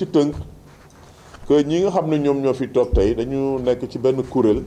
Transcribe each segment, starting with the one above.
ci tënk que ñi nga xam ne ñoom ñoo fi toog tey dañu nekk ci benn kuréel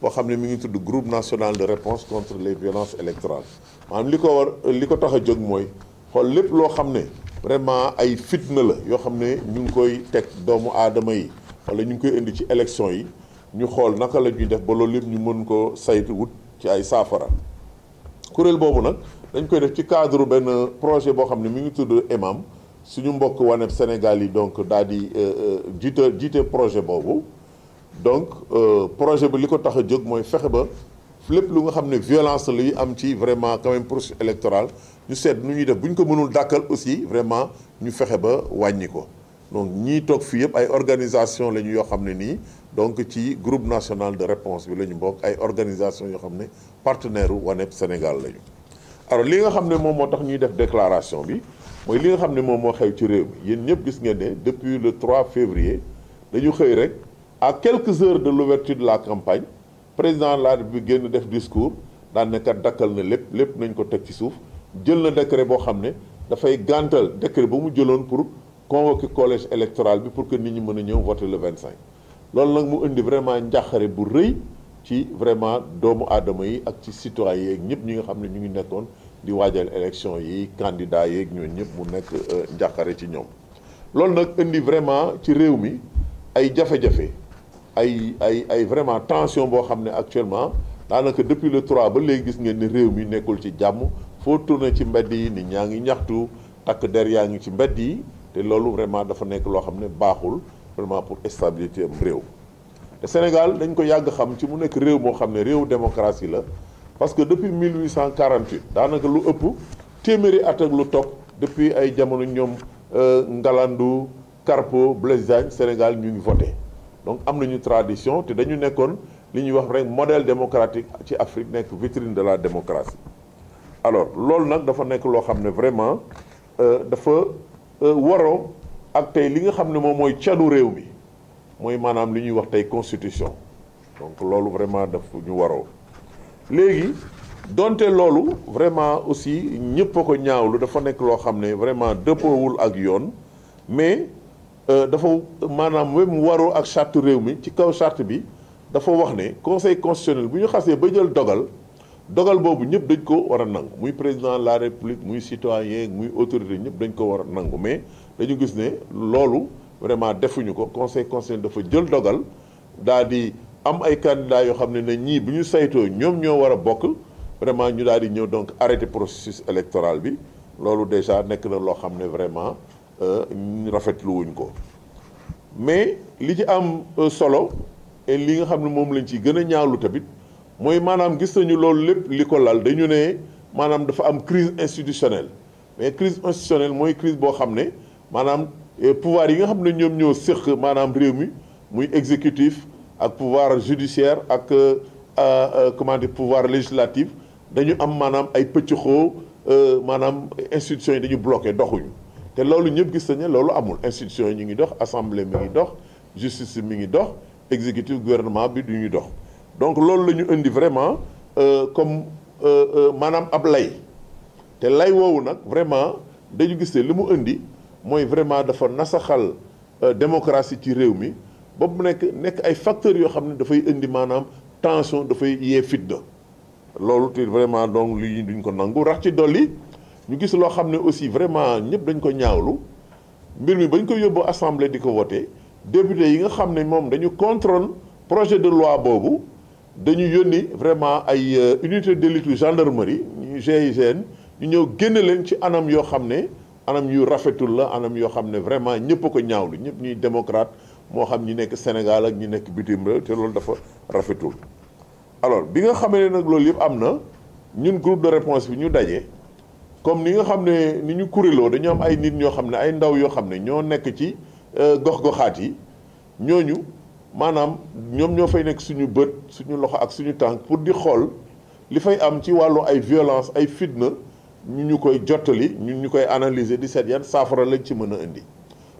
boo xam ne mi ngi tudd groupe de réponse contre les violences électorales maanaam li ko war li ko tax a jóg mooy xool lépp loo xam ne vraiment ay fitna la yoo xam ne ñu ngi koy teg doomu aadama yi wala ñu ngi koy indi ci élection yi ñu xool naka la ñuy def ba loolu ñu mën ko saytu ci ay saafara kuréel boobu nag dañ koy def ci cadre benn projet boo xam ne mu ngi tudd EMAM suñu mbokk waneb Sénégal yi donc dadi di euh, euh jiite projet boobu donc euh, projet bi liko ko tax moy jóg mooy ba lépp lu nga xamné violence li am ci vraiment quand même processus électoral ñu sét nu ñuy def bu ko mënul dakkal aussi vraiment ñu fexe ba ko donc ñi tok fi yëpp ay organisation lañu yo xamné ni donc ci groupe national de réponse bi lañu ñu ay organisation yo xamné partenaire u Sénégal lañu. alors li nga xamné mom moom tax ñuy def déclaration bi mooy li nga xam ne moom moo xew ci réew mi yéen ñëpp gis ngeen ne depuis le 3 février dañu xëy rek à quelques heures de l'ouverture de la campagne président de la génn def discours daan ne kat dakkal na lépp lépp nañ ko teg ci suuf jël na décret boo xam ne dafay gàntal décret ba mu jëloon pour convoquer collège électoral bi pour que nit ñi mën a ñëw voter le 25. loolu nag mu indi vraiment njàqare bu rëy ci vraiment doomu aadama yi ak ci citoyen yi ñëpp ñi nga xam ne ñu ngi nekkoon di waajal élection yi candidat yeeg ñun ñep mu nek euh, jaxaré ci ñom lool nak indi vraiment ci réew mi ay jafé jafé ay ay ay vraiment tension bo xamné ne actuellement daanaka depuis le 3 ba léegi gis ngeen ni réew mi nekkul ci jamm fo tourner ci mbedd yi nit ñaa ñaxtu tak der ya ngi ci mbedd yi te loolu vraiment dafa nek lo xamné ne baaxul vraiment pour stabilité am réew le Sénégal dañ ko yag xam ci mu nek réew mo xamné ne réew démocratie la parce que depuis 1848 danaka lu ëpp téméré at ak lu toog depuis ay jamono ñom euh, Ngalandou Carpo Blaise Sénégal ñu ngi voté donc amna ñu tradition té dañu nekkoon li ñu wax rek modèle démocratique ci Afrique nekk vitrine de la démocratie alors lool nak dafa nekk lo xamné vraiment vraiment euh, dafa euh, Waro ak tay li nga xamné ne moy mooy canu réew mi moy manam li ñuy wax tay constitution donc loolu vraiment daf ñu waroo légui donté lolu vraiment aussi ñepp ko ñaawlu dafa nek lo xamné ne vraiment dëppoowul ak yoon mais euh, dafa maanaam même waro ak charte réew mi ci kaw charte bi dafa wax né conseil constitutionnel bu ñu xasee ba jël dogal dogal bobu ñepp dañ ko wara nang muy président de la république muy citoyen muy autorité ñepp dañ ko wara nang mais dañu gis ne lolu vraiment defuñu ko conseil constitutionnel dafa jël dogal daal di am ay candidat yoo xam ne ne ñii bu ñu saytoo ñoom ñoo war a bokk vraiment ñu daal di ñëw donc arrêté processus électoral bi loolu déjà nekk na loo xam ne vraiment euh, rafetlu wuñ ko mais li ci am euh, solo et li nga xam ne moom lañ ci gën a ñaawlu tamit mooy maanaam gis nañu loolu lépp li ko lal dañu ne maanaam dafa am crise institutionnelle mais crise institutionnelle mooy crise boo xam ne maanaam euh, pouvoir yi nga xam ne ñoom ñoo séq maanaam réew mi muy exécutif ak pouvoir judiciaire ak euh, euh, euh, comment dire pouvoir législatif dañu am manam ay pëccxoo maanaam institution yi dañu bloqué doxuñu té lolu ñepp gis nañ ne amul institution yi ñu ngi dox assemblée mi ngi dox justice mi ngi dox exécutif gouvernement bi duñu dox donc lolu lañu indi vraiment comme manam ab lay té lay woowu nak vraiment dañu gis limu indi moy vraiment dafa nasaxal démocratie ci réew mi ba nek nek ay facteurs yo indi manam tension dafay fit do vraiment donc li duñ ko nangou rax ci ñu aussi vraiment dañ ko ñaawlu mbir mi bañ ko assemblée diko député yi nga projet de loi Nous dañu yoni vraiment ay euh, unité d'élite gendarmerie GIGN ñu ñëw leen ci anam anam yu rafetul la anam yo vraiment ko ñaawlu démocrate moo xam ñi nekk Sénégal ak ñi nekk bitim réew te loolu dafa rafetul alors bi nga xamee ne nag loolu yëpp am na ñun groupe de réponse bi ñu daje comme ni nga xam ne ni ñu kuréeloo dañoo am ay nit ñoo xam ne ay ndaw yoo xam ne ñoo nekk ci euh, gox-goxaat yi ñooñu maanaam ñoom ñoo fay nekk suñu bët suñu loxo ak suñu tànk pour di xool li fay am ci wàllu ay violence ay fitna ñu ñu koy jottali ñu ñu koy analyser di seet yan saafara lañ ci mën a indi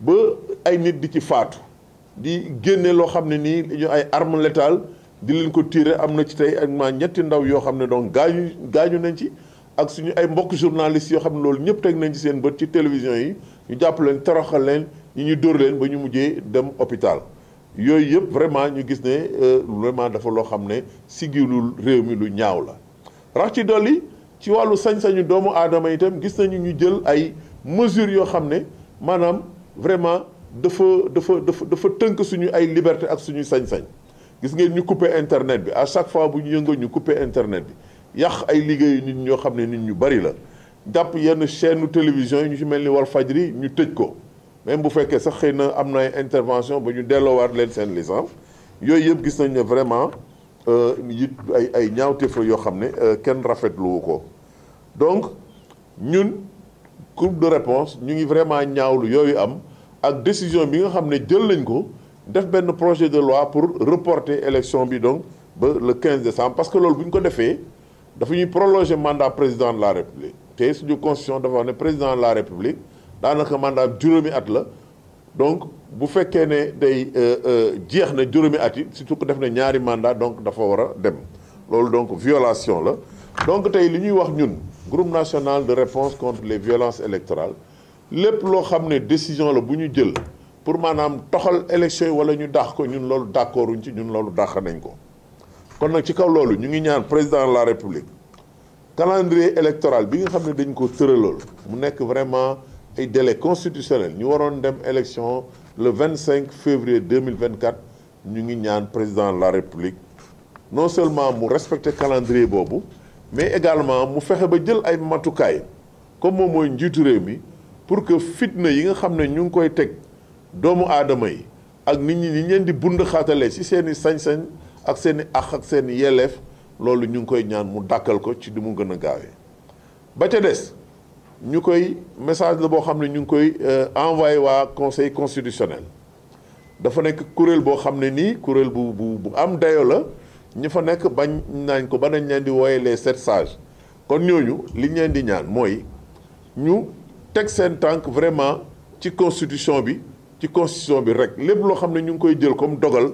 ba ay nit di ci faatu di génne loo xam ne nii ñu ay arme létale di leen ko tiire am na ci tey ak ma ñetti ndaw yoo xam ne donc gaañu gaañu nañ ci ak suñu ay mbokk journalistes yoo xam ne loolu ñëpp teg nañ ci seen bët ci télévision yi ñu jàpp leen toroxal leen ñu ñu dóor leen ba ñu mujjee dem hôpital yooyu yëpp vraiment ñu gis ne euh, vraiment dafa loo xam ne sigilul réew mi lu ñaaw la rax ci dolli ci wàllu sañ-sañu doomu aadama itam gis nañu ñu jël ay mesures yoo xam ne maanaam vraiment dafa dafa dafa dafa tënk suñu ay liberté ak suñu sañ-sañ gis ngeen ñu couper internet bi à chaque fois bu ñu yëngoo ñu couper internet bi yàq ay liggéeyu nit ñoo xam ne nit ñu bari la jàpp yenn chaîne télévision yi ñu ci mel ni Walfadjri ñu tëj ko même bu fekkee sax xëy na am na intervention ba ñu delloowaat leen seen licence yooyu yëpp gis nañ ne vraiment euh, it ay ay ñaawteef la yoo xam ne euh, kenn rafetlu ko donc ñun groupe de réponse ñu ngi vraiment ñaawlu yooyu am ak décision bi nga xam ne jël nañ ko def projet de loi pour reporter élection bi donc ba le 15 décembre parce que loolu bu ñu ko defee dafa ñuy prolonger mandat président de la république te suñu constitution dafa wax ne président de la république daanaka mandat juróomi at la donc bu fekkee ne day euh, euh, jeex na juróomi at yi surtout que def na ñaari mandat donc dafa war a dem loolu donc violation la donc tay li ñuy wax ñun groupe national de réponse contre les violences électorales lepp lo xamné décision la buñu jël pour manam toxal élection wala ñu dakh ko ñun lolu d'accorduñ ci ñun lolu dakh nañ ko kon nak ci kaw lolu ñu ngi ñaan président de la république calendrier électoral bi nga xamné dañ ko lolu mu nekk vraiment ay délai constitutionnel ñu waron dem élection le 25 février 2024 ñu ngi ñaan président de la république non seulement mu respecter calendrier bobu mais également mu fexe ba jël ay matukaay comme moom mooy njiitu réew mi pour que fitna yi nga xam ne ñu ngi koy teg doomu aadama yi ak nit ñi ñi leen di bund xaatalee ci seen i sañ-sañ ak seen i àq ak seen i loolu ñu ngi koy ñaan mu dàkkal ko ci du mu gën a gaawee ba ca des ñu koy message la boo xam ne ñu ngi koy euh, envoyé waa conseil constitutionnel dafa nekk kuréel boo xam ne nii kuréel bu bu bu am dayo la ñi fa nekk bañ nañ ko ba nañ di les sept sages kon ñooñu li di vraiment ci constitution bi ci constitution bi rek lépp loo xam nous ñu comme dogal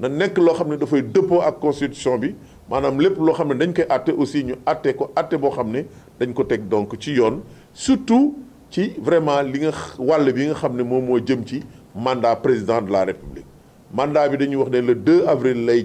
na nekk loo xam ne dafay dëppoo ak constitution bi maanaam lépp loo xam ne dañ koy aussi ñu ko avons boo xam donc ci surtout ci vraiment li nga nous bi nga président de la république mandat bi wax le 2 avril lay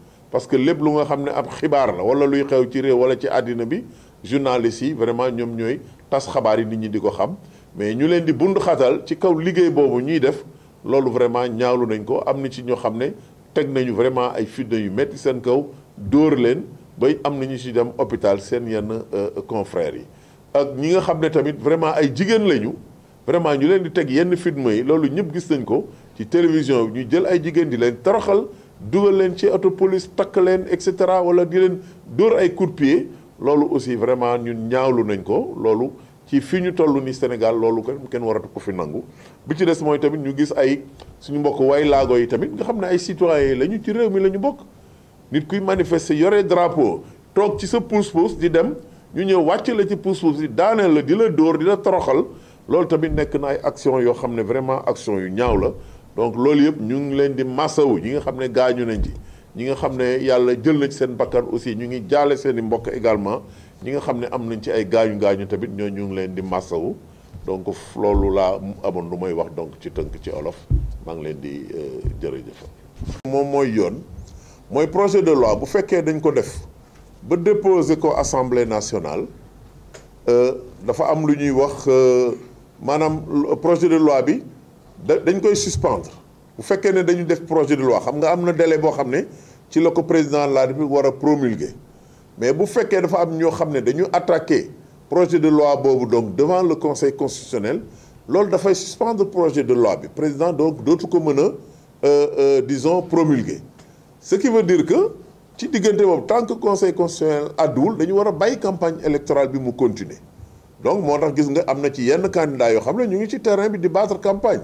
parce que lépp lu nga xam ne ab xibaar la wala luy xew ci réew wala ci àddina bi journalistes yi vraiment ñoom ñooy tas xabaar yi nit ñi di ko xam mais ñu leen di bund xatal ci kaw liggéey boobu ñuy def loolu vraiment ñaawlu nañ ko am na ci ñoo xam ne teg nañu vraiment ay fitna yu métti seen kaw dóor leen bay am na ñu ci dem hôpital seen yenn euh, confrères yi ak ñi nga xam ne tamit vraiment ay jigéen lañu vraiment ñu leen di teg yenn fitna yi loolu ñëpp gis nañ ko ci télévision yi ñu jël ay jigéen di leen toroxal dugal leen ci auto police takk leen et cetera wala di leen dóor ay coup de loolu aussi vraiment ñun ñaawlu nañ ko loolu ci fii ñu toll ni Sénégal loolu kenn waratu ko fi nangu bi ci des mooy tamit ñu gis ay suñu mbokk way laago yi tamit nga xam ne ay citoyens la ñu ci réew mi la ñu bokk nit kuy manifester yore drapeau toog ci sa pousse-pousse di dem ñu ñëw wàcc la ci pousse-pousse di daaneel la di la dóor di la toroxal loolu tamit nekk na ay action yoo xam ne vraiment yu ñaaw la donc loolu yëpp ñu ngi leen di masawu ñi nga xam ne gaañu nañ ci ñi nga xam ne yàlla jël na ci seen bakkan aussi ñu ngi jaale seeni mbokk également ñi nga xam ne am nañ ci ay gaañu gaañu tamit ñoo ñu ngi leen di masawu donc loolu laa amoon lu may wax donc ci tënk ci olof maa ngi leen di euh, jërëjëf. moom mooy yoon mooy projet de loi bu fekkee dañ ko def ba déposer ko assemblée nationale euh, dafa am lu ñuy wax euh, maanaam projet de loi bi. dañ koy suspendre bu fekkee ne dañu def projet de loi xam nga am na délai boo xam ci président de la République war promulguer mais bu faites dafa am ñoo xam ne attaquer projet de loi donc devant le conseil constitutionnel loolu fait suspendre projet de loi Le président donc d'autres ko euh, euh, disons promulguer ce qui veut dire que ci tant que conseil constitutionnel àdduwul nous war faire bàyyi campagne électorale bi mu continuer donc moi tax gis nga am ci yenn candidat, yoo xam ne ñu ngi ci terrain bi campagne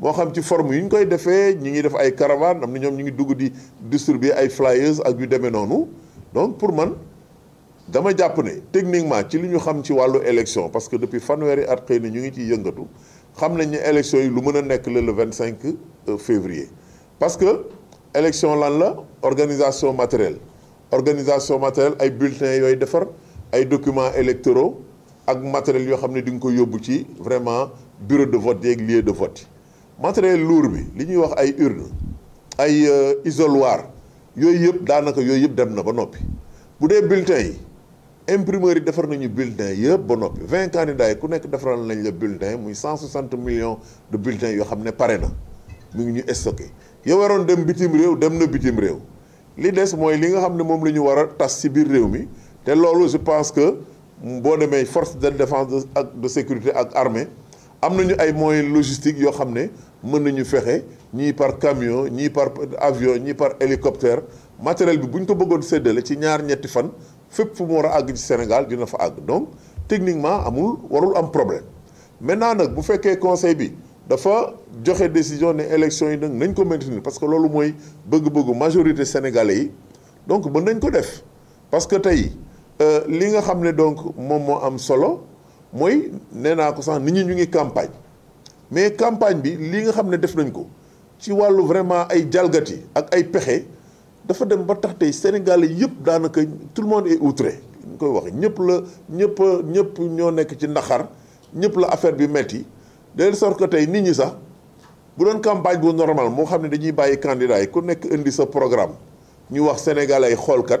moo xam ci forme yu ñu koy defee ñu ngi def ay caravane am avons ñoom des ngi dugg di distribuer ay flyers ak donc pour man dama jàpp ne techniquement ci li ñu xam ci wàllu élection parce que depuis fanweeri at xëy na ñu ngi élection le 25 euh, février parce que élection lan la organisation matérielle organisation matérielle ay bulletins yooyu defar ay documents électoraux ak matériel yo xam ne di nga ko vraiment bureau de vote et lieu de vote matériel lourd bi li ñuy wax ay urne ay euh, isoloir yooyu yëpp daanaka yooyu yëpp dem na ba noppi bu dee bulletin yi imprimeurs yi defar nañu bulletin yëpp ba noppi vingt candidats yi ku nekk defaral nañ la bulletin muy cent soixante millions de bulletins yoo xam ne pare na mu ngi ñu stocké yow waroon dem bitim réew dem na bitim réew li des mooy li nga xam ne moom la ñu war a tas ci biir réew mi te loolu je pense que boo demee force de défense ak de sécurité ak armée amnañu ay moyens logistiques yo xamné mën nañu fexé ñii par camion ni par avion ni par hélicoptère matériel bi buñ ko bëggoon séddale ci ñaar ñetti fan fep fu mu ag ci Sénégal dina fa ag donc techniquement amul warul am problème maintenant nak bu féké conseil bi dafa joxé décision né élection yi nag nañ ko maintenir parce que lolu moy bëgg-bëggu majorité sénégalais yi donc mën nañ ko def parce que euh li nga xamné donc mom mo am solo mooy nee naa ko sax nit ñi ñu ngi campagne mais campagne bi lii nga xam ne def nañ ko ci wàllu vraiment ay jalgati ak ay pexe dafa dem ba tax tey Sénégal yëpp daanaka tout le monde est outré ñu koy wax ñëpp la ñëpp ñëpp ñoo nekk ci naxar ñëpp la affaire bi metti de sorte que tey nit ñi sax bu doon campagne bu normal moo xam ne dañuy bàyyi candidat yi ku nekk indi sa programme ñu wax sénégalais ay xoolkat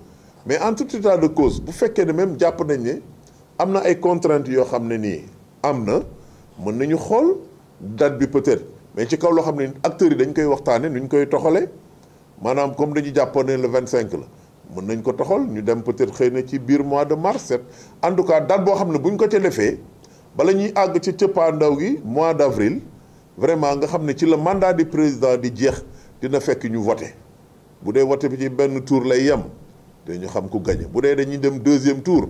mais en tout état de cause bu fekkee ne même jàpp nañ ne am na ay contraintes yoo xam ne nii am na mën nañu xool date bi peut-être mais ci kaw loo xam ne acteurs yi dañ koy waxtaane nu ñu koy toxalee maanaam comme dañu jàppoon ne le 25 la mën nañ ko toxal ñu dem peut-être xëy na ci biir mois de mars set en tout cas date boo xam ne bu ko ca defee bala ñuy àgg ci cëppaandaw gi mois d'avril vraiment nga xam ne ci le mandat du président di jeex dina fekk ñu voter bu dee voté bi ci benn tour lay yem nous xam ku gagné bu nous dañuy dem deuxième tour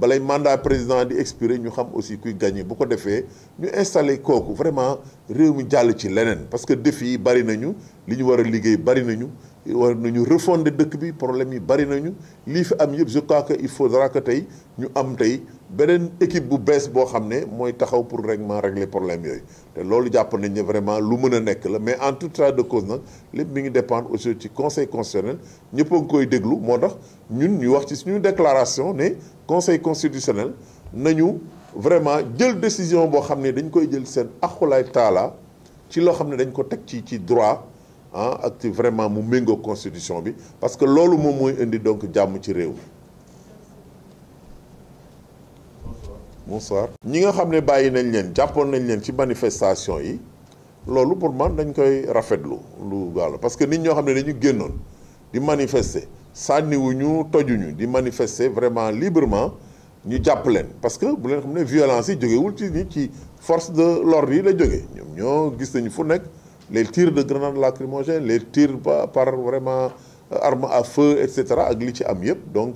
le mandat président a expiré nous savons aussi qui gagné Beaucoup de nous nous installé coq, vraiment mi le parce que défi défis sont nañu li ñu Nous liggéey bari nañu Nous avons problème nous bari nañu je crois que faudra que beneen équipe bu bees bo xamné moy taxaw pour règlement régler problème yoy té loolu japp nañ ne vraiment lu mën nek la mais en tout cas de cause nag lépp mi ngi dépendre aussi ci conseil constitutionnel ñepp a ngi koy déglu mo tax ñun ñu wax ci suñu déclaration né conseil constitutionnel nañu vraiment jël décision bo xamné dañ koy jël seen axulaay taala ci lo xamné dañ ko tek ci ci droit hein, ak vraiment mu mengo constitution bi parce que loolu mom moy indi donc jamm ci réew bonsoir ñi nga xamné les nañ nañ leen ci manifestation yi pour dañ koy lu parce que nit ñoo xamné dañu di manifester tojuñu di vraiment librement ñu japp leen parce que bu leen violence yi ci ci force de l'ordre yi la jogé. ñoo gis les tirs de grenades lacrymogènes les tirs par vraiment euh, arme à feu etc. donc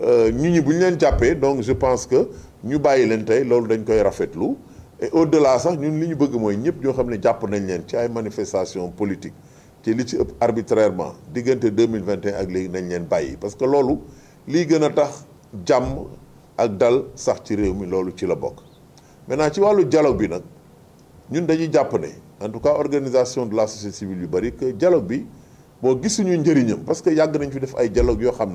ñu euh, ñi bu ñu donc je pense que ñu bàyyi leen d'un loolu dañ koy Lou. et au delà de ñun nous ne bëgg pas ñëpp ñoo xam ne jàpp nañ leen ci ay manifestations politiques ci li ci arbitrairement diggante 2021 ak léegi nañ leen bàyyi parce que loolu lii gën a tax jàmm ak dal sax ci réew mi loolu ci la bokk maintenant ci wàllu dialogue bi nag ñun dañuy jàpp ne en tout cas organisation de la société civile yu bëri que dialogue bi boo nous njëriñam parce que yàgg nañ fi def ay dialogue yoo xam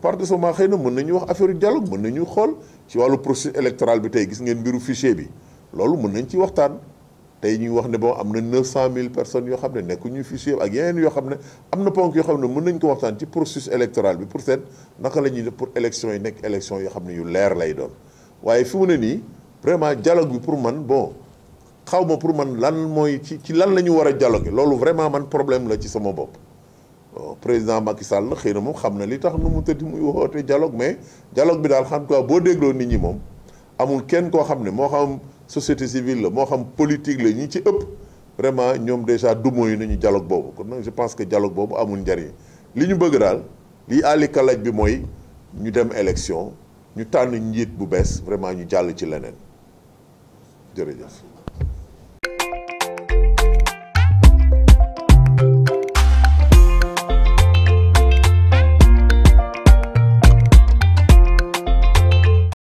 part de ce xëy na mën nañu wax affaire dialogue mën nañu xool ci wàllu processus électoral bi tey gis ngeen mbiru fichier bi loolu mën nañ ci waxtaan tey ñuy wax ne boo am na cent mille personnes yoo xam ne nekkuñu fichier ak yeneen yoo xam ne am na ponk yoo xam ne mën nañ ko waxtaan ci processus électoral bi pour seet naka la ñuy def pour élection yi nekk élection yoo xam ne yu leer lay doon waaye fi mu ne nii vraiment dialogue bi pour man bon xaw ma pour man lan mooy ci ci lan la ñu war a dialogue loolu vraiment man problème la ci sama bopp. Euh, président Macky Sall xëy na moom xam na li tax nu mu tëddi muy woote dialogue mais dialogue bi daal xam quoi boo dégloo nit ñi moom amul kenn koo xam ne moo xam société civile la moo xam politique la ñi ci ëpp vraiment ñoom déjà dumo yi nañu jaloog boobu kon nag je pense que dialogue boobu amul njariñ li ñu bëgg daal lii àlli kalaj bi mooy ñu dem élection ñu tànn njiit bu bees vraiment ñu jàll ci leneen jërëjëf